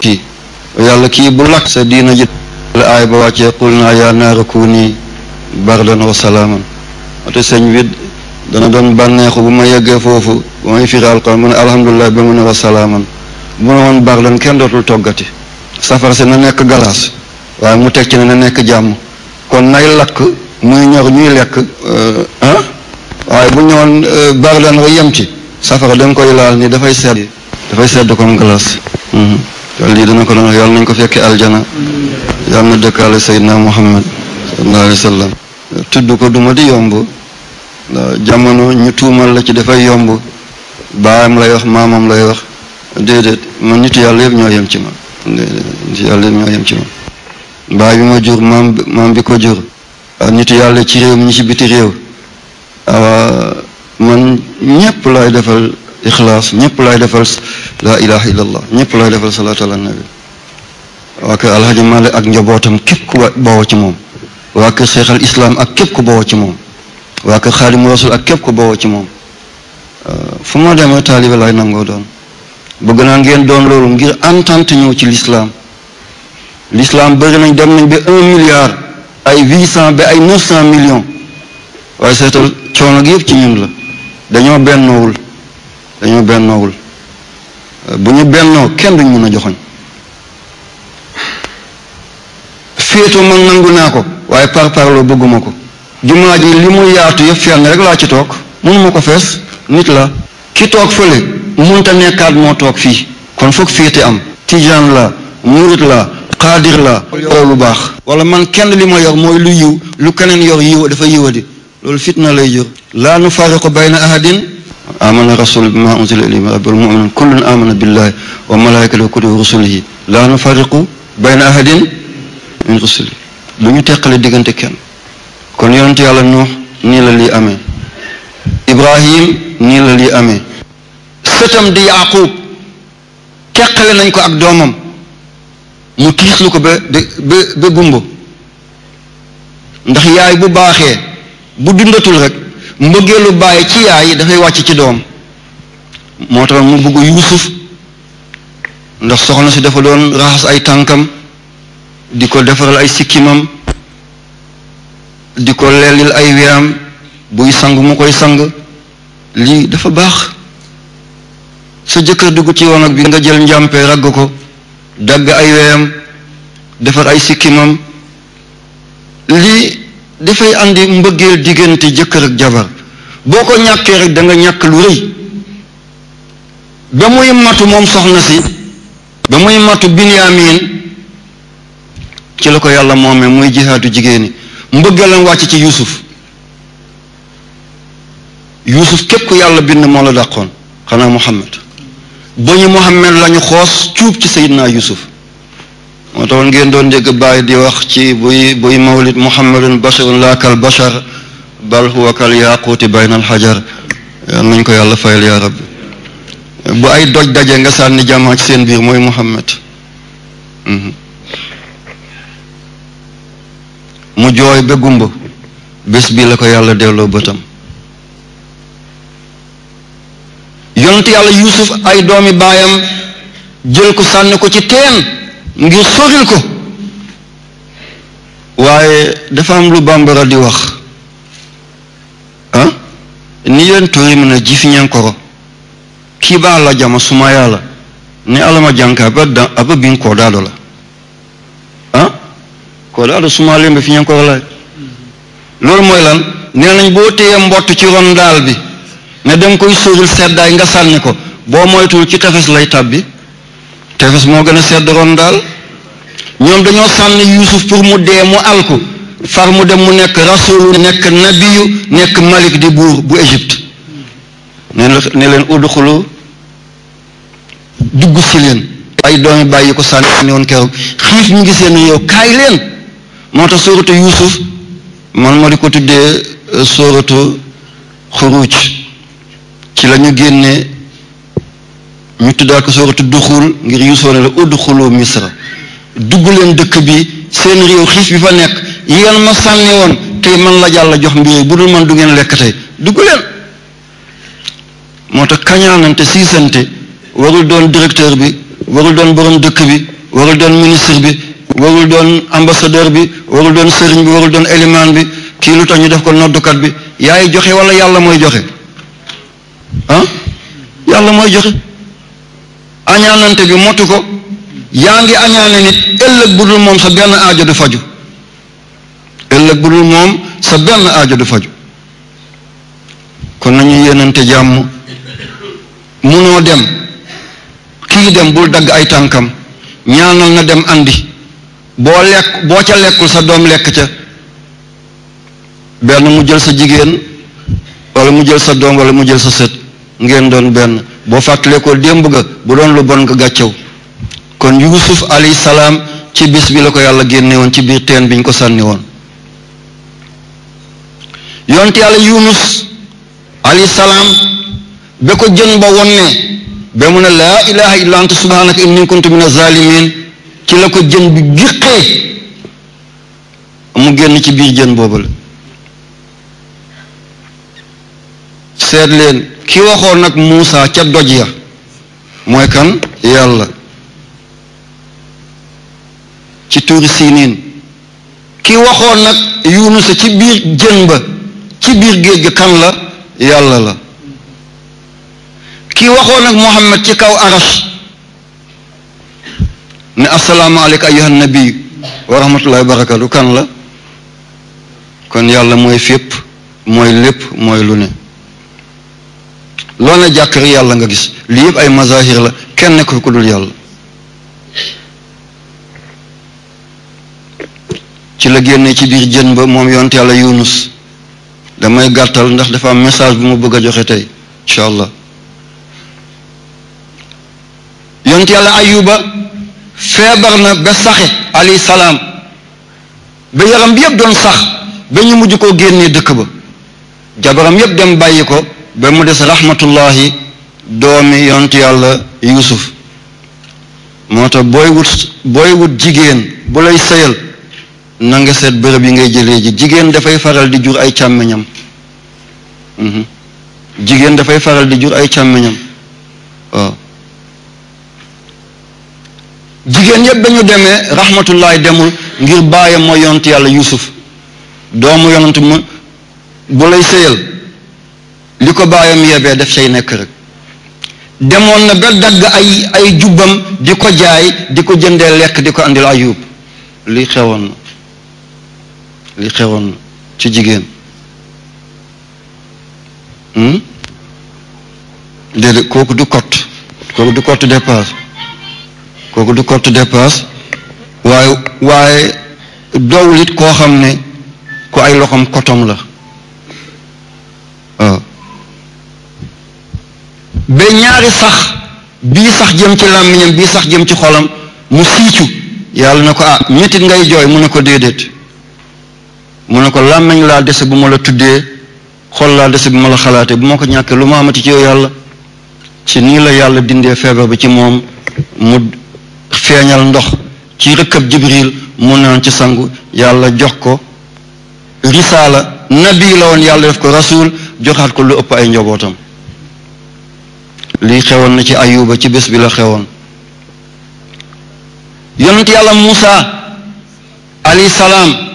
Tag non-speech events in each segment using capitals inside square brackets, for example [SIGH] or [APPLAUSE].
kii yalla ki bu lak sa dina jit la ay ba wàccee qulna ya narakuni ya naara bardan wa salaaman ate señ bi dana don banexu bu ma yegge fofu ba may firaal kon mu ne alhamdulilah ba wa salaaman bu ne woon bardan kenn dootul toggati safara si na nek galas wa mu tek ci na nek jam kon nay lak muy ñor ñuy lekk eh, ah ay bu ñewon eh, bardan wa yem ci safara da koy laal ni fay sedd dafay sedd comme glace yàlla lii dana ko doon yàlla nañ ko fekkee aljana yàlla na dëkkaale Seydina Muhammad sallallahu alayhi wa sallam tudd ko duma di yomb jamono ñu tuumal la ci dafay yomb baayam lay wax maamam lay wax déedéet ma nit yàlla yëpp ñoo yem ci ma baay bi ma jur maam maam bi ko jur nit yàlla ci réew mi ñu ci biti réew awa man ñëpp laay defal ixlaas ñëpp laay defal la ilaha illallah ñëpp lay defal salaatu ala nabi waa kër alhaji Malick ak njabootam képp ku bawoo ci moom waa kër Cheikh al Islam ak képp ku bawoo ci moom waa kër Xaadimu Rasul ak képp ku bawoo ci moom euh, fu ma demee taalibe lay nangoo doon bëgg naa ngeen doon loolu ngir entente ñëw ci l'islam l'islam bëri nañ dem nañ ba un milliard ay huit cent ba ay 900 cent millions waaye seetal coono gi yëpp ci ñun la dañoo bennoowul dañoo bennoowul bu ñu bennoo kenn duñ mun a joxoñ féetoo man nangu naa ko waaye par parloo bëgguma ko jumaa ji li mu yaatu yëpp fenn rek laa ci toog mënuma ko fees nit la ki toog fële munta nekkaat moo toog fii kon foog féete am tijaan la murit la xaadir la yoroo lu baax wala man kenn li ma yor mooy lu yiw lu keneen yor yiw dafa yiwa di loolu fitna lay jur laa nu fariqu bayna ahadin amana rasul bima unzila ilayhi min rabbil mu'minun kullun amana billahi wa malaikatihi wa kutubihi wa rusulihi la nufarriqu bayna ahadin min rusuli lu ñu teqale diggante kenn kon yonent yàlla nuux nii la lii amee ibrahim nii la lii amee sëtam di yaqub teqale nañ ko ak doomam mu tiixlu ko ba ba gumbo ndax yaay bu baaxee bu dundatul rek mbëggeelu bàyyi ci yaay dafay wàcc ci doom moo tax mu bugg yuusuf ndax soxna si dafa doon raxas ay tànkam di ko defaral ay sikkimam di ko lellil ay weyam buy sang mu koy sang lii dafa baax sa jëkkër dugg ci woon bi nga jël njàmpe ragg ko dagg ay weyam defar ay sikkimam lii dafay andi mbëggeel diggante jëkkër ak jabar boo ko ñàkkee rek danga ñàkk lu rëy ba muy matu moom soxna si ba muy matu binyamin ci la ko yàlla moomee muy jihaatu jigéen ñi mbëggeelam wàcc ci yusuf yusuf képp ku yàlla bind moo la dàqoon xanaa muhammad ba ñu muhammad xoos cuub ci sayidna yusuf moo taxoon ngeen doon dégg bàyyi di wax ci buy buy mawlid muhammadun basharun laa kal bashar bal huwa kal yaquuti bayna al hajar yal nañ ko yàlla fayal yaa rabbi bu ay doj daje nga sànni jamaa ci seen biir mooy muhammad mhm. mu jooy ba gumba bés bi la ko yàlla delloo bëtam yonent yàlla yuusuf ay doomi baayam jël ko sànni ko ci teen ngir soril ko waaye dafa am lu bambara di wax ah ni leen tori mën a jifi ñankoro kiba ala jama suma yala ni alama janka aba dan aba bin kodado la ah kodado suma lembe fi ñankoro la loolu mooy lan nee nañ boo téye mbott ci ron daal bi ne dem koy soril seddaay nga sànni ko boo moytuwul ci tefes lay tàbbi tefes moo gën a sedd ron daal ñoom dañoo sànni Yuusuf pour mu dee mu alku far mu dem mu nekk rasulu nekk nabiyu nekk malik di buur bu Égypte ne ne leen udxulu dugg si leen ay doomi bàyyi ko sànni woon keroog xiif ñu ngi seen yow kaay leen moo tax sóoratu Yuusuf man ma di ko tuddee euh, sóoratu xuruuj ci la ñu génne ñu tuddaat ko sóoratu duxul ngir Yuusuf ne la udxulu misra dugg leen dëkk bi seen réew xiif bi fa nekk yi ngeen ma sànni woon tey man la jàll jox mbir bu dul man du ngeen lekk tey dugg leen moo tax kañaanante siisante warul doon directeur bi warul doon borom dëkk bi warul doon ministre bi warul doon ambassadeur bi warul doon sëriñ bi warul doon élimaan bi kii lu tax ñu def ko noddukat bi yaay joxe wala yàlla mooy joxe yàlla mooy joxe añaanante bi motu ko yaa ngi añaane nit ëllëg bu dul moom sa benn aajo du faju ëllëg bu moom sa benn aajo du faju kon nañu yéenante jàmm munoo dem kii dem bul dagg ay tànkam ñaanal na dem andi boo lekk boo ca lekkul sa doom lekk ca benn mu jël sa jigéen walla mu jël sa doom wala mu jël sa sët ngeen doon benn boo fàttalee ko démb ga bu doon lu bon nga gàccew kon yusuf alayhi salaam ci bis bi la ko yàlla génne ci biir teen bi ñu ko sànni woon yonte yàlla yunus alayhi salaam ba ko jën ba wonne ba mu ne laa ilaha illa anta subhanaka inni kuntu min azalimin ci la ko jën bi giqee mu génn ci biir jën boobu la seet leen ki waxoon nag Muusa ca doj ya mooy kan yàlla ci tuuri siiniin ki waxoon nag yuunusa ci biir jën ba ci biir géej gi kan la yàlla la ki waxoon nag muhammad ci kaw aras ne asalaamaaleyka ayyuhan nabi wa rahmatullahi barakatu kan la kon yàlla mooy fépp mooy lépp mooy lu ne loo ne jàkkari yàlla nga gis lii yëpp ay mazahir la kenn nekk ku dul yàlla ci la génne ci biir jën ba moom yonte yàlla yunus damay gàttal ndax dafa am message bu ma bëgg a joxe tey incha allah yonte yàlla ayuba feebar na ba saxe alayhi salaam ba yaram bi yëpp doon sax ba ñu mujj koo génnee dëkk ba jabaram yëpp dem bàyyi ko ba mu des rahmatullahi doomi yonte yàlla yusuf moo tax booy wut booy wut jigéen bu lay sëyal nanga seet bërëb yi ngay jëlee ji jigéen dafay faral di jur ay càmmiñam mhm. jigéen dafay faral di jur ay càmmiñam waaw jigéen yépp dañu demee rahmatullahi demul ngir baayam mooy yonent yàlla yusuf doomu yonent mu bu lay sëyal li ko baayam yebee def say nekk rek demoon na ba dagg ay ay jubbam di ko jaay di ko jëndee lekk di ko andil ayub li xewoon na li xewoon ci jigéen hmm? déedéet kooku du cotte kooku du cotte dépasse kooku du cotte dépasse waaye waaye dowul koo xam ne ku ay loxoom kotom la waaw ba ñaari sax bii sax jëm ci làmmiñam bii sax jëm ci xolam mu siicu yàlla na ko ah ñettit ngay jooy mun ne ko déedéet mu ne ko làmmiñ laa dese bu ma la tuddee xol laa dese bu ma la xalaatee bu ma ko ñàkkee lu ma amati ci yow yàlla ci nii la yàlla dindee feebar bi ci moom mu feeñal ndox ci rëkkab jibril mu naan ci sangu yàlla jox ko risaala nabi la woon yàlla def ko rasul joxaat ko lu ëpp ay njobootam lii xewoon na ci ayuba ci bés bi la xewoon yonent yàlla Muusa alayhi salaam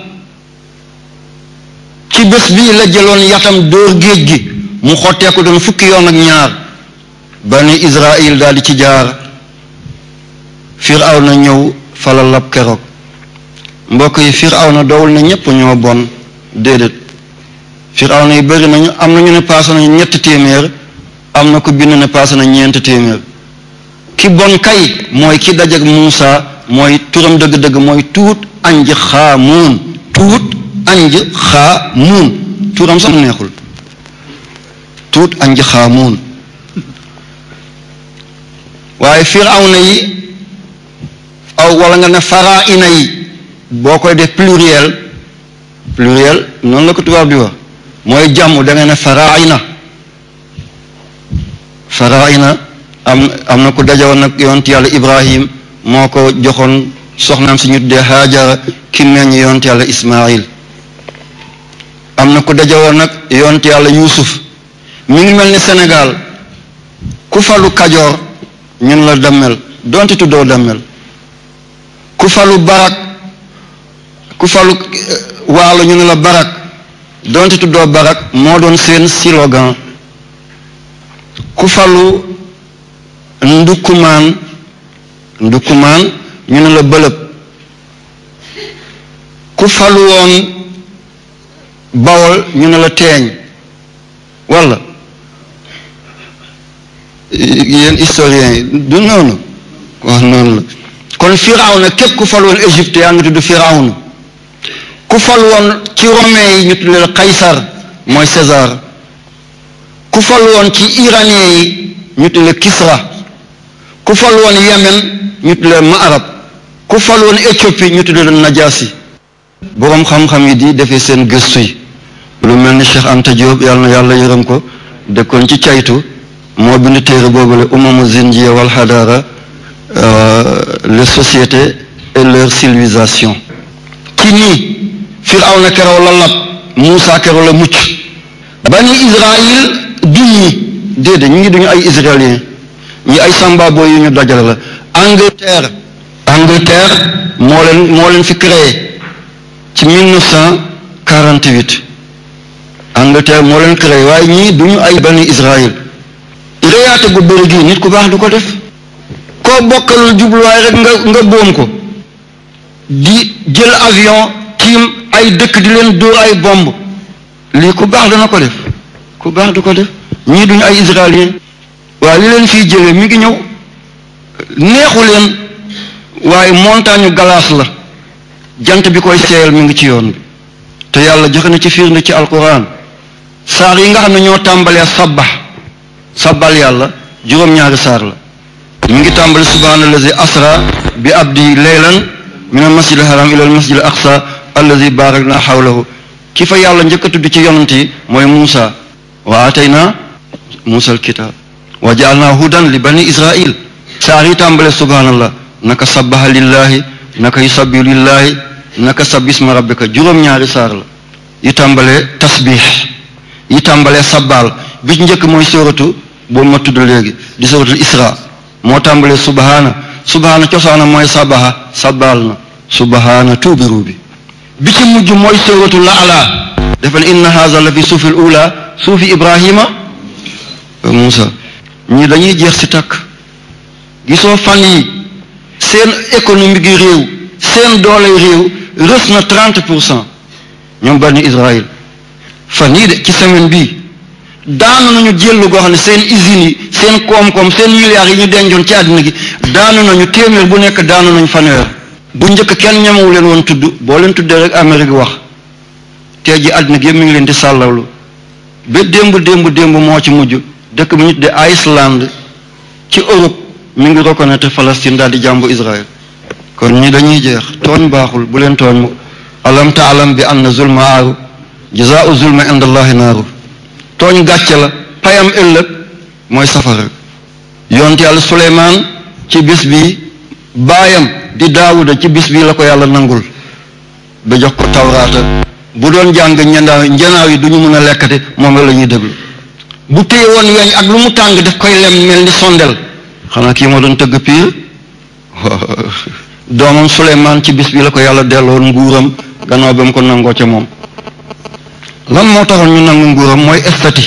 ci bés bii la jëloon yatam dóor géej gi mu xottee ko doon fukki yoon ak ñaar bani Israël daal di ci jaar firaw na ñëw fala keroog mbokk yi firaw na dowul na ñépp ñoo bon déedéet firaw na yi bëri nañu am nañu ne paase nañu ñetti téeméer am na ko bind ne paase na ñeenti téeméer ki bon kay mooy ki dajeg Muusa mooy turam dëgg-dëgg mooy tuut anji xaamuun tuut anj xaamuun turam sax neexul tuut anj xaamuun waye firawna yi aw wala nga ne faraina yi bokoy def pluriel pluriel non la ko tubaab di wax moy jamu da nga ne faraina faraina am am na ko dajaw nak yonti yalla ibrahim moko joxon soxnam soxnaam si ñu tuddee haajara ki meññ yonti yalla ismail am na ku dajawoon nag yonent yàlla yuusuf mu ngi mel ni Sénégal ku falu kajoor ñun la dammel donte tuddoo dammel ku falu barak ku falu eh, waalo ñu ne la barak donte tuddoo barak moo doon seen slogan ku falu ndukkumaan ndukkumaan ñu ne la bëlëb ku falu woon bawol ñu ne la teeñ walla yéen historien yi du noonu wax noonu la kon firawna képp ku fal woon Égypte yaa ngi tudd firawna ku fal woon ci romain yi ñu tudd la kaysar mooy César ku fal woon ci iranien yi ñu tudd la kisra ku fal woon yemen ñu tudd la maarab ku fal woon éthiopie ñu tudd la najaasi boroom xam-xam yi di defee seen gëstu yi Le même Cheikh Anta Diop yàlla na yàlla ko dëkkoon ci tiaytu mo bind téere bobole umamu zinji wal hadara euh, les sociétés et leur civilisation kini nii Firawna lalab la kero la mucc bani Israël duñ ñi ngi duñu ay israélien ñi ay samba boy ñu dajale la Angleterre Angleterre mo leen mo leen fi créé ci 1948 Angleterre moo leen créé waaye ñii duñu ay bani Israël réyaate gu bëri gii nit ku baax du ko def koo bokkalul jubluwaay rek nga nga boom ko di jël avion tiim ay dëkk di leen dóor ay bomb lii ku baax dana ko def ku baax du ko def ñii duñu ay israélien waaye li leen fiy jëlee mi ngi ñëw neexu leen waaye montagne galaas la jant bi koy seeyal mu ngi ci yoon bi te yàlla joxe na ci firnde ci alquran saar yi nga xam ne ñoo tàmbalee sabba sabbal yàlla juróom-ñaari saar la mi ngi tàmbali subhaana allazi asra bi abdi leylan min al masjid al haram ila al masjid al aqsa allazi barakna hawlahu ki fa yàlla njëkk a ci yonent yi mooy Muusa wa atayna Muusa al kitaab wa jaalna hudan li bani israil saar yi tàmbale subhaanallah naka sabbaha lillahi naka yusabbihu lillahi naka sabbisma rabbika juróom-ñaari saar la yi tàmbale tasbih yi tàmbalee sabbaal bi ci njëkk mooy sóoratu boo ma tudd léegi di sóoratul isra moo tàmbalee subhaana subhaana cosaana mooy sabaha sabbaal na subhaana tuubiru bi bi ci mujj mooy sóoratu laala dafa ne inna haza la fi suufi ula suufi ibrahima muusa ñi dañuy jeex si takk gisoo fan yi seen économie gi réew seen doole réew rës na 30 pour cent ñoom bani israil fan yii de ci semaine bii daanu nañu jëllu goo xam ne seen usines yi seen koom-koom seen milliards yi ñu dencoon ci àddina gi daanu nañu téeméer bu nekk daanu nañu fanweer bu njëkk kenn ñemewu leen woon tudd boo leen tuddee rek Amérique wax te ji àddina gi yëpp mi ngi leen di sàllawlu ba démb démb démb moo ci mujj dëkk bi ñu tuddee Iceland ci Europe mi ngi reconnaître Palestine daal di jàmbu Israël kon ñi dañuy jeex tooñ baaxul bu leen tooñ alam taalam bi anna zulma aaru jazaau zulmi inda allahi naaru tooñ gàcce la payam ëllëg mooy safara yonte yàlla suleymaan ci bis bi baayam di daawuda ci bis bi la ko yàlla nangul ba jox ko tawraata bu doon jàng ñandaaw njanaaw yi duñu mën a lekkati moom la ñuy déglu bu téye woon weñ ak lu mu tàng def koy lem mel ni sondel xanaa kii moo doon tëgg piir [LAUGHS] doomam suleymaan ci bis bi la ko yàlla delloon nguuram gannaaw ba mu ko nangoo ca moom lan moo taxoon ñu nangu nguuram mooy estati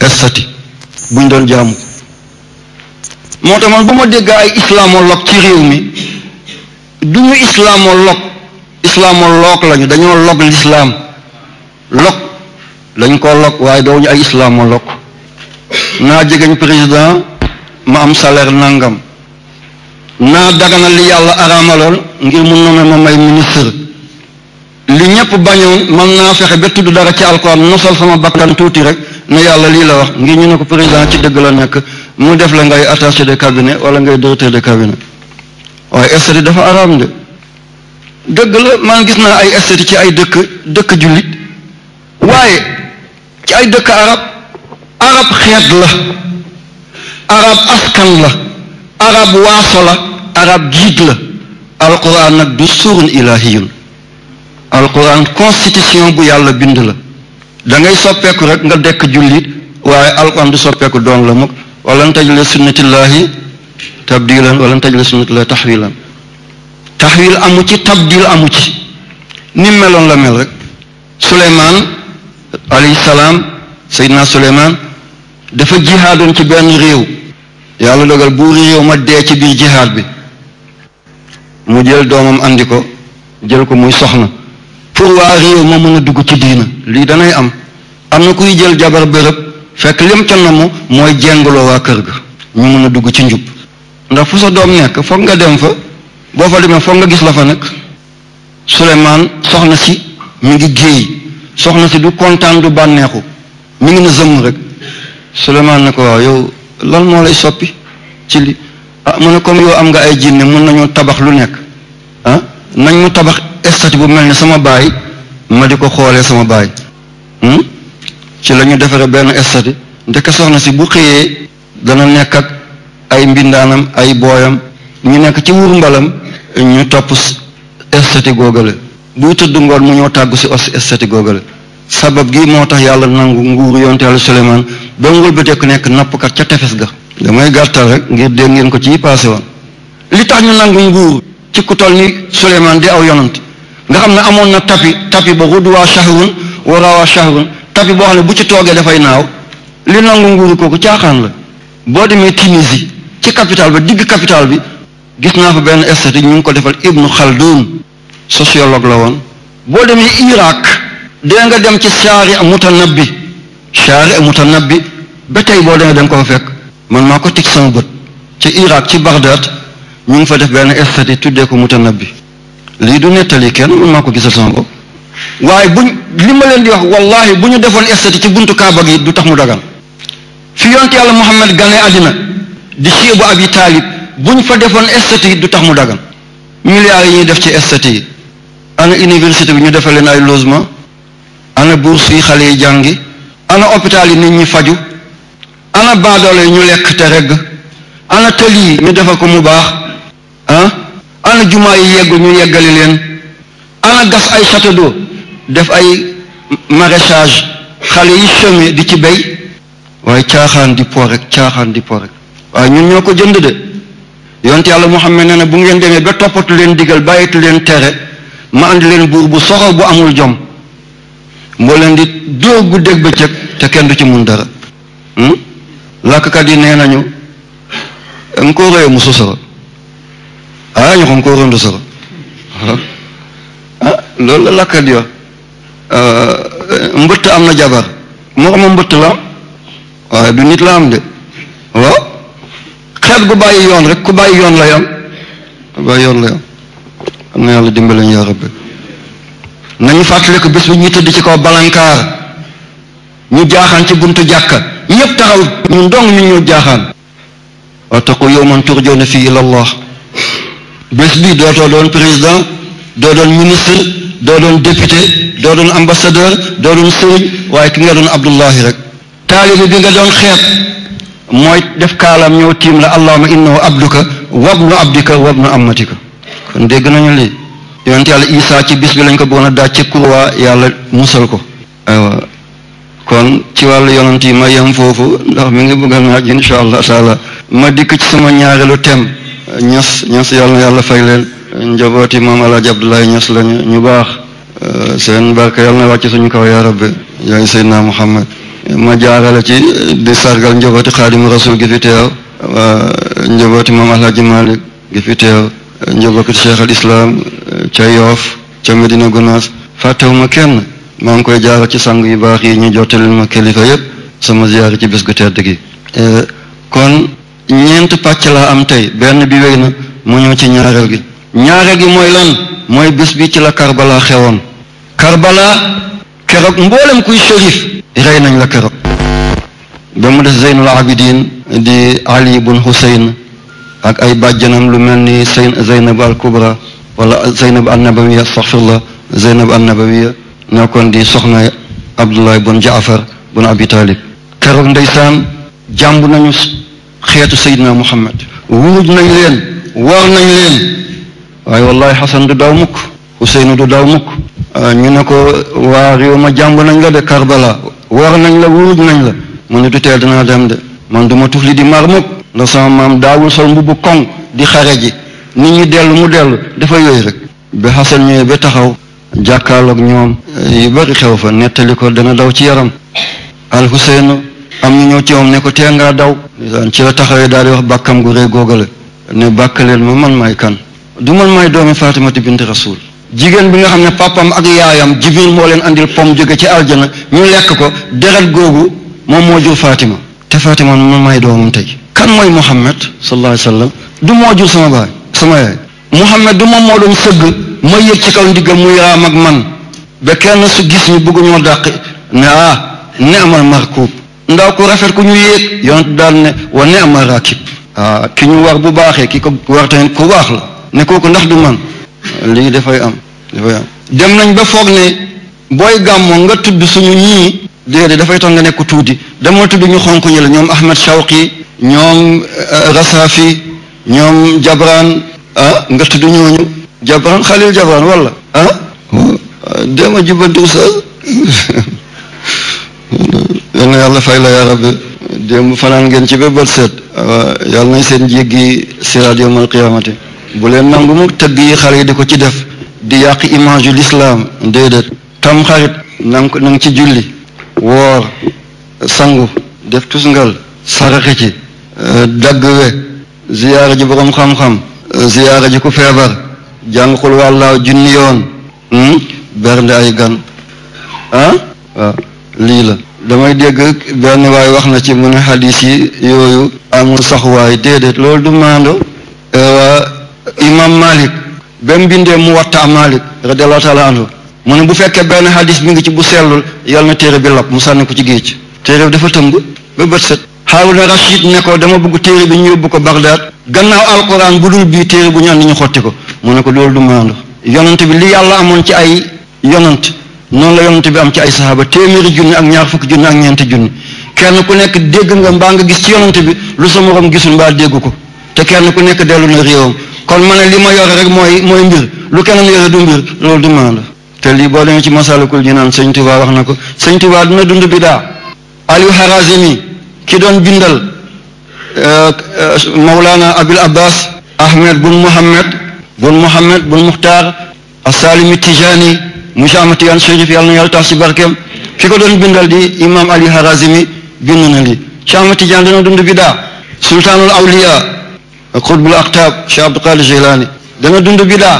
estati buñ doon jaamu moo tax man bu ma dégg ay islamologue ci réew mi du ñu islamologue islamologue lañu dañoo log l'islam log lañ ko log waaye ñu ay islamologue naa jegeñ président ma am salaire nangam naa dagana li yàlla araamaloon ngir mu nommé ma may ministre li ñëpp mana man na fexé ba tuddu dara ci nosal sama bakkan tuuti rek na yalla li la wax ngi ñu ne ko président ci dëgg la nek mu def la ngay attaché de cabinet wala ngay directeur de cabinet way estati dafa aram de dëgg la man gis na ay estati ci ay dëkk dëkk julit waaye ci ay dëkk arab arab xeet la arab askan la arab waaso arab jiit la alquran nak bi ilahiyun alquran constitution bu yàlla bind la dangay soppeeku rek nga dekk jullit waaye alquran du soppeeku doon la mukk walan tajla sunnatillahi tabdilan walan tajla sunnatillahi taxwilan taxwil amu ci tabdil amu ci ni meloon la mel rek suleymaan alayhi salaam seydina suleymaan dafa jihaadoon ci benn réew yàlla dogal buur réew ma dee ci biir jihaad bi mu jël doomam àndi ko jël ko muy soxna pour waa réew ma mën a dugg ci diina lii danay am am na kuy jël jabar bërëb fekk lim ca namu mooy jengaloo waa kër ga ñu mën a dugg ci njub ndax fu sa doom nekk foog nga dem fa boo fa demee foog nga gis la fa nag Souleymane soxna si mi ngi géey soxna si du kontaan du bànneexu mi ngi na zëmm rek Souleymane ne ko waaw yow lan moo lay soppi ci li ah mu ne comme yow am nga ay jinne mën nañu tabax lu nekk ah, nañ mu tabax statut bu mel ne sama baay ma di ko xoolee sama baay hmm? ci lañu ñu defaree benn statut ndeke soxna si bu xëyee dana nekk ak ay mbindaanam ay booyam ñu nekk ci wur ñu topp statut googale buy tëdd ngoon mu ñëw tàggu si os statut googale sabab gi moo tax yàlla nangu nguur yonteelu Suleymaan ba mu wëlbateek nekk nappkat ca tefes ga damay gàttal rek ngir dégg ngeen ko ci passé woon li tax ñu nangu nguur ci ku toll ni Suleymaan di aw yonant nga xam ne amoon na tapi tapi ba ruduwaa shahrun warawaa shahrun tapi boo xam ne bu ci toogee dafay naaw li nangu nguuru kooku caaxaan la boo demee Tunisie ci capital bi digg capital bi gis naa fa benn esthétique ñu ngi ko defal Ibnu Khaldun sociologue la woon boo demee Irak dee nga dem ci saari mutanabbi saari mutanabbi ba tey boo demee dem ko fa fekk man maa ko teg sama bët ci Irak ci Bagdad ñu ngi fa def benn esthétique tuddee ko mutanabbi lii du nettali kenn man maa ko gisal sama bopp waaye buñ li ma leen di wax wallahi bu ñu defoon estati ci buntu kaaba gi du tax mu dagan fi yonte yàlla Muhammad gane àddina di siibu abi taalib ñu fa defoon estati du tax mu dagan milliards yi ñu def ci estati yi ana université bi ñu defal leen ay logement ana bourse yi xale yi jàngi ana hôpital yi nit ñi faju ana baadoolo yi ñu lekk te regg ana tël yi ñu defal ko mu baax ah? ana jumaa yi yeggu ñu yeggali leen ana gas ay château def ay maraîchage xale yi semé di ci béy waaye caaxaan di po rek rek waaye ñun ñoo ko jënd de yonte yàlla Muhammad nee na bu ngeen demee ba toppatu leen digal bàyyitu leen tere ma andi leen buur bu soxor bu amul jom moo leen di dóor guddeeg bëccëg te kenn du ci mun dara hmm? làkkat yi nee nañu nga ko réew mu sosoro aa ñokom ko rondo soro loolu la lakkat ah, mbëtt am na jabar moo xam mbëtt la am waaye du nit la am de waaw xeet gu bàyyi yoon rek ku bàyyi yoon la yam ku bàyyi yoon la yam am na yàlla dimbale ñu yaa rabbi nañu fàttaliku bés bi ñuy di ci kaw balankaar ñu jaaxaan ci buntu jàkka ñëpp taxaw ñu ndong ñu ñu jaaxaan wattaqu yawman turjawna fii ila allah bés bi dootoo doon président doo doon ministre doo doon député doo doon ambassadeur doo doon sëriñ waaye ki nga doon Abdullahi rek taalibi bi nga doon xeet mooy def kaalam ñëw tiim la allahuma innahu abduka wabnu abdika wabnu amatika kon dégg nañu lii yonent yàlla Isaa ci bis bi lañ ko bëggoon a daaj ci kurwaa yàlla musal ko aywa kon ci wàllu yonent yi ma yem foofu ndax mi ngi bëgg a naaj insha allah taala ma dikk ci sama ñaareelu thème ñas ñas yàlla na yàlla fay leen njabooti maam alaaji abdoulaye ñas lañu ñu baax euh, seen barke yàlla na wàcc suñu kaw yaa rabbi yaay seydina muhammad ma jaarale ci di sargal njabooti xaadimu rasul gi fi teew njabooti maam alaaji malik gi fi teew njabooti cheikh al islam euh, ca yoof ca medina gunaas fàttewuma kenn maa ngi koy jaaral ci sang yu baax yi ñu jottalil ma kilifa yépp sama ziyaari ci bés gu tedd gi euh, kon ñeent pàcc laa am tey benn bi wéy na mu ñëw ci ñaareel gi ñaareel gi mooy lan mooy bés bi ci la Karbala xewoon Karbala keroog mboolem kuy shérif rey nañ la keroog ba mu des Zeynul Abidin di Ali bun Hussein ak ay bàjjanam lu mel ni Sey Zeynab al Kubra wala Zeynab an Nabawiya astaghfirullah Zeynab an Nabawiya nekkoon di soxna Abdullah bun Jaafar bun Abi Talib keroog ndeysaan jàmb nañu xeetu sayidna muhammad wuruj nañ leen war nañ leen waaye wallahi xasan du daw mukk Ousseynou du daw mukk ah, ñu ne ko waa réew ma jàmb nañ la de Karbala war nañ la wuruj nañ la mu ne du teel dinaa dem de man du ma tufli di mar mukk ndax sama maam daawul sol mbubbu koŋ di xare ji nit ñi dellu mu dellu dafa yooyu rek ba xasan ñëwee ba taxaw jàkkaarloog ñoom eh, yu bari xew fa nettali ko dana daw ci yaram al Ousseynou am ñu ñëw ci moom ne ko tee daw ci la taxawee daal di wax bàkkam gu rëy googale ne bàkkaleel ma man maay kan du man maay doomi Fatimati bint Rasul jigéen bi nga xam ne papam ak yaayam Jibril moo leen andil pom jóge ci aljana ñu lekk ko deret googu moom moo jur Fatima te Fatima man maay doomam tey kan mooy Muhammad sallallahu alayhi wa sallam du moo jur sama baay sama yaay Muhammad du moom moo doon sëgg ma yëg ci kaw ndiggam muy raam ak man ba kenn su gis ñu bëgg ñoo dàq ne ah ne amal ndaw ku rafet ku ñu yéeg yonent daal ne wa ni'ma raakib ah ki ñu war bu baaxee ki ko war tamit ku baax la ne kooku ndax du man lii dafay am dafay dem nañ ba foog ne booy gàmmoo nga tudd suñu ñii déedéet dafay tax nga nekk tuuti dama tudd ñu xonk ñi la ñoom Ahmed Shawqi ñoom eh, Rasafi ñoom Jabran ah nga tudd ñooñu Jabran Khalil Jabran wala ah dama jubbantu sa yal na yàlla fay la yaa fanaan ngeen ci ba bët seet yal nañ seen jéggi siraat yawmal qiyaamati bu leen nangu mu tëgg yi yi di ko ci def di yàq image yu lislaam déedéet tam xarit nang ci julli woor sangu def tusngal saraxe ci euh, dagg we ziyaara ji boroom xam-xam euh, ziyaara ji ku feebar jàng xul wàllaaw junni yoon hmm? bernde ay gan ah damay dégg benn waay wax na ci mu ne xadis yi yooyu amul sax déedéet loolu du maando euh, waa imam malik ba mu bindee mu wattaa malik radiallahu taala anhu mu ne bu fekkee benn xadis mi ngi ci bu sellul yàlla na téere bi lap mu sànni ko ci géej téere bi dafa tëmb ba bët set na Rashid ne ko dama bugg téere bi ñu yóbbu ko Bagdad gannaaw alquran bu dul bii téere bu ñaan ni ñu xotti ko mu ne ko loolu du maando yonent bi li yàlla amoon ci ay yonent noon la yonent bi am ci ay saxaaba téeméeri junni ak ñaar fukki junni ak ñeenti junni kenn ku nekk dégg nga mbaa nga gis ci yonent bi lu sa morom gisul mbaa dégg ko te kenn ku nekk dellu na réewam kon ma li ma yor rek mooy mooy mbir lu keneen yore du mbir loolu du maan la te lii boo demee ci masalakul ñu naan sëñ Tuba wax na ko sëñ Tuba dina dund bi daa Aliou Harazimi ki doon bindal euh, euh, Mawlana Abil Abbas Ahmed bun Muhammad bun Muhammad bun Muxtaar Asalimi Tijani mu Ahmad Tijaan Chérif yàlla na yàlla tax si barkeem ki ko doon bindal di imam Ali Harazimi bind na li Cheikh Ahmad Tijaan dana dund bidaa sultaanul awliya xutbul aqtaab Cheikh Abdul Qadir Jilani dana dund bidaa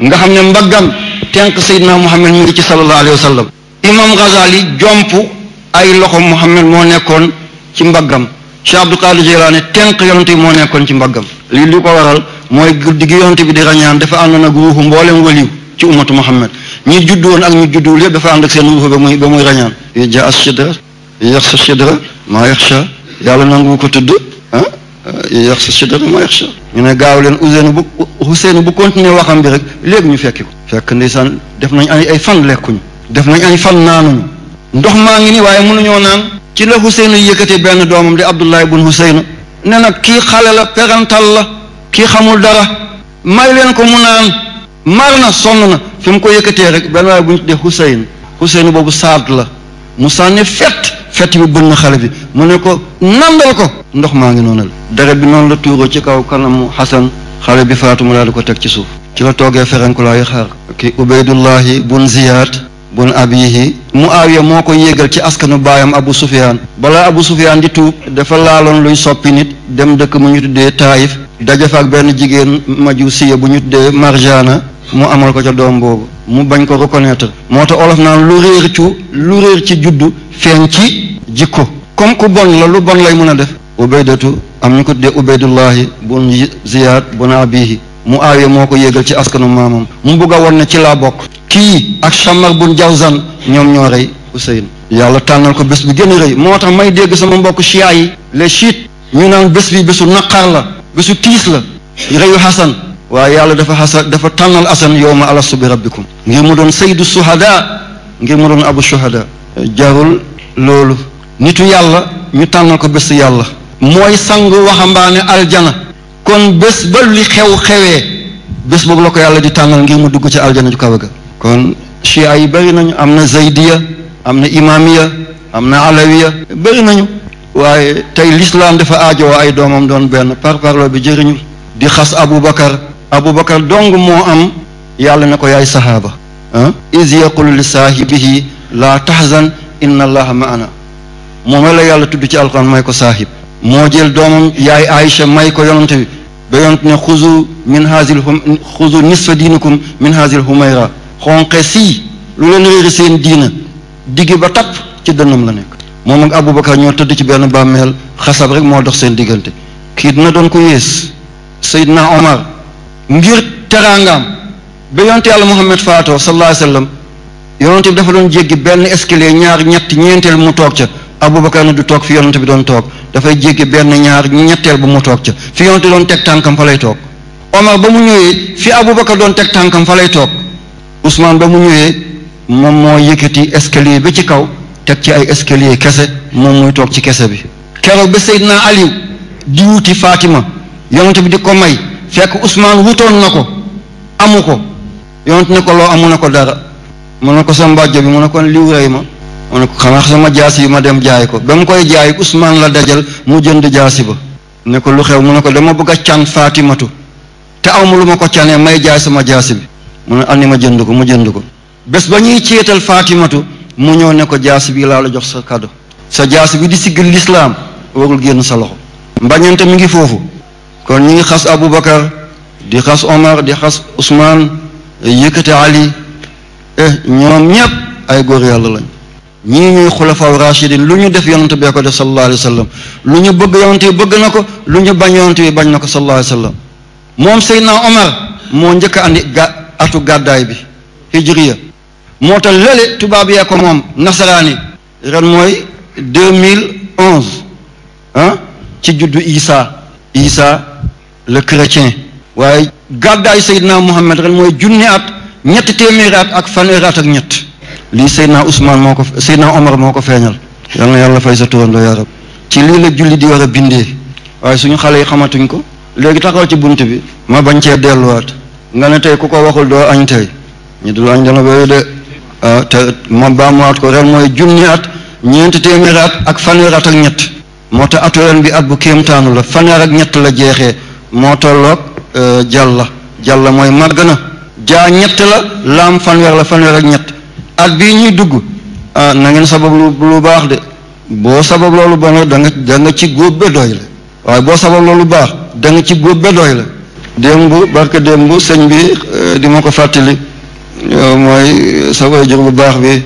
nga xam ne mbaggam tenk Seydina Muhammad mi ngi ci sallallahu alayhi wa sallam imam Ghazali jomp ay loxo Muhammad moo nekkoon ci mbaggam Cheikh Abdul Qadir Jilani tenk yonent moo nekkoon ci mbaggam li li ko waral mooy guddi gi yonent bi di rañaan dafa àndoon ak ruuxu mboolem waliw ci ñi judd woon ak ñu judduwul yëpp dafa ànd ak seen ruuxa ba muy muy rañaan yu ja as shidra yu maa yax sa yàlla nangu ko tudd ah yu yax maa yax ñu ne gaaw leen Ousseynou bu Ousseynou bu continuer waxam bi rek léegi ñu fekki ko fekk ndeysaan def nañ ay ay fan lekkuñu def nañ ay fan naanuñu ndox maa ngi ni waaye mënuñoo naan ci la Ousseynou yëkkati benn doomam di Abdoulaye bun Ousseynou ne nag kii xale la perantal la kii xamul dara may leen ko mar sonn na fi mu ko yëkkatee rek benn waaye bu ñu tuddee Hussein Hussein boobu saat la mu sànni fett fett bi bënn xale bi mu ne ko nandal ko ndox maa ngi noonu la deret bi noonu la tuuroo ci kaw kanamu Hasan xale bi faatu mu daal di ko teg ci suuf ci la toogee ferenkulaayu xaar ki Ubeydullahi bun Ziyaad bun Abihi Muawiya moo ko yéegal ci askanu baayam Abu Sufyaan balaa Abu Sufyaan di tuub dafa laaloon luy soppi nit dem dëkk mu ñu tuddee Taayif daje fa ak benn jigéen majusiya bu ñu tuddee Marjaana mu amal ko ca doom boobu mu bañ ko reconnaître moo tax olof naan lu réer ci lu réer ci juddu feeñ ci jikko comme ku bon la lu bon lay mën a def ubaydatu am ñu ko tuddee ubaydullahi bun ziyaad bun abihi mu aawiya moo ko yéegal ci askanu maamam mu bugg a won ci laa bokk kii ak Chammar bun Jawzan ñoom ñoo rey Hussein yàlla tànnal ko bés bi gën a moo tax may dégg sama mbokk chia yi les chiites ñu naan bés bi bésu naqar la bésu tiis la reyu Hassan waaye yàlla dafa Hassan dafa tànnal Hassan yow ma alastu bi rabbikum ngir mu doon saydu suhada ngir mu doon abu suhada jarul loolu nitu yàlla ñu tànnal ko bés yàlla mooy sangu waxambaane aljana kon bés ba li xew xewee bés boobu la ko yàlla di tànnal ngir mu dugg ci aljana ju kaw ga kon chia yi bëri nañu am na zaydiya am na imamiya am na alawiya bëri nañu waaye tey lislaam defa aajowoo ay doomam doon benn par parlo bi jëriñu di xas aboubacar aboubacar dong moo am yàlla na ko yaay sahaaba ah is yaqulu li saahibihi laa tahzan inna allaha maana moom la yàlla tudd ci alquran may ko saahib moo jël doomam yaay aïcha may ko yonante bi ba yonante ne xuzu min haazil xuzu nisfa diinikum min haazil humayra xonq si lu leen réeri seen diina digg ba tapp ci dënnam la nekk moom ak Aboubacar ñoo tëdd ci benn bàmmeel xasab rek moo dox seen diggante kii dina doon ko yées Seydina Omar ngir teraangam ba yonte yàlla Muhammad faatoo sallallahu alayhi wa sallam yonente bi dafa doon jéggi benn escalier ñaar ñett ñeenteel mu toog ca Aboubacar ne du toog fi yonente bi doon toog dafay jéggi benn ñaar ñetteel bu mu toog ca fi yonente doon teg tànkam fa lay toog Omar ba mu ñëwee fi Aboubacar doon teg tànkam fa lay toog Ousmane ba mu ñëwee moom moo yëkkati escalier bi ci kaw teg ci ay escalier kese moom muy toog ci kese bi keroog ba naa Aliou di wuti Fatima yonent bi di ko may fekk Ousmane wutoon na ko amu ko yonent ne ko loo amu na ko dara mu ne ko sa mbàjjo bi mu ne ko liw ma mu ne ko xanaa sama jaasi ma dem jaay ko ba mu koy jaay Ousmane la dajal mu jënd jaasi ba ne ko lu xew mu ne ko dama bëgg a can Fatimatu te aw ma lu ma ko canee may jaay sama jaasi bi mu ne andi ma jënd ko mu jënd ko bés ba ñuy ceetal faatimatu mu ñëw ne ko jaasi bi laa la jox sa kado sa jaasi bi di siggal lislaam warul génn sa loxo mbañante mi ngi foofu kon ñu ngi xas abu Aboubacar di xas Omar di xas Ousmane yëkkate Ali eh ñoom ñépp ay góor yàlla lañ ñii ñuy xulafaaw rachidin lu ñu def yonante bee ko def sallallahu alayhi wa sallam lu ñu bëgg yonante bi bëgg na ko lu ñu bañ yonante bi bañ na ko sallallahu alayhi wa sallam moom Seydina Omar moo njëkk atu gàddaay bi hijriya moo tax lële tubaab yee ko moom nasaraani ren mooy deux mille ah, ci juddu Isa Isa le chrétien waaye gàddaay Seydina Muhammad ren mooy junni at ñetti téeméeri at ak fanweeri ak ñett lii Seydina Ousmane moo ko Seydina Omar moo ko feeñal yal na yàlla fay sa turandoo yaa rab ci lii la julli di war a bindee waaye suñu xale yi xamatuñ ko léegi taxaw ci bunt bi ma bañ cee delluwaat nga ne tey ku ko waxul doo añ tey ñu dul añ dana bëri de ah, te ma ko ren mooy junni at ñeenti téeméeri at ak fanweer at ak ñett moo tax atu ren bi at bu kéemtaanu la fanweer ak ñett la jeexee moo tolloog euh, jàlla jàlla mooy màgg na jaa ñett la laam fanweer la fanweer ak ñett at bii ñuy dugg ah na ngeen sabab lu baax de boo sabab loolu ba da nga ci góob ba doy la waaye boo sabab lu baax danga ci góob ba doy la démb barke démb sëñ bi euh, di ma ko fàttali euh, mooy euh, sa way jur bu baax bi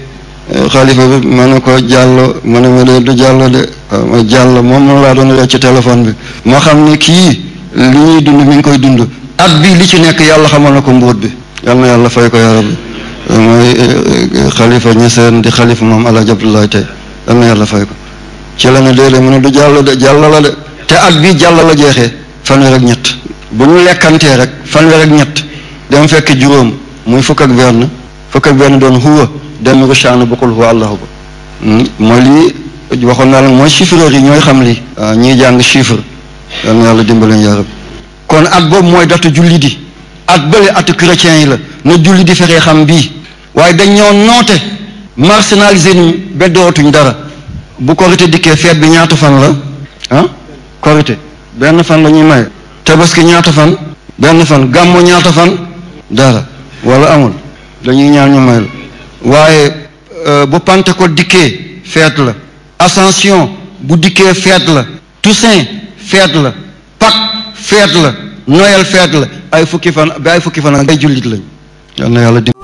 xalifa bi ma ne ko jàllo ma ne ma dee du jàllo de ma jàllo moom moom laa doon rek ci téléphone bi moo xam ne kii li ñuy dund mi ngi koy dund at bi li ci nekk yàlla xamal na ko mbóot bi yal yàlla fay ko ya rabbi mooy xalifa ñeseen di xalifa moom alaaj abdoulaye tey na yàlla fay ko ci la ne déedéet mu ne du jàllo de jàllo la de te at bii jàllo la jeexee fanweer ak ñett bu ñu lekkantee rek fanweer ak ñett dem fekk juróom muy fukk ak benn fukk ak benn doon huwa dem rushaanu bokkul huwa allahu ba hmm? mooy lii waxoon naa la mooy chiffreur yi ñooy xam li ah, ñuy jàng chiffre yal na yàlla dimbaleen yaa rab kon at boobu mooy datu julli di at bële atu chrétien yi la na julli di feree xam bii waaye dañ ñoo noote marginalisé ñu ba dootuñ dara bu korité dikkee feet bi ñaata fan la ah benn fan la ñuy may tabaski ñaata fan benn fan gàmmo ñaata fan dara wala amul dañuy ñaan ñu may la waaye euh, bu Pentecôte dikkee feet la Ascension bu dikkee feet la Toussaint feet la Pâques feet la Noël feet la ay fukki fan ba ay fukki fan ak ay jullit lañ yal na yàlla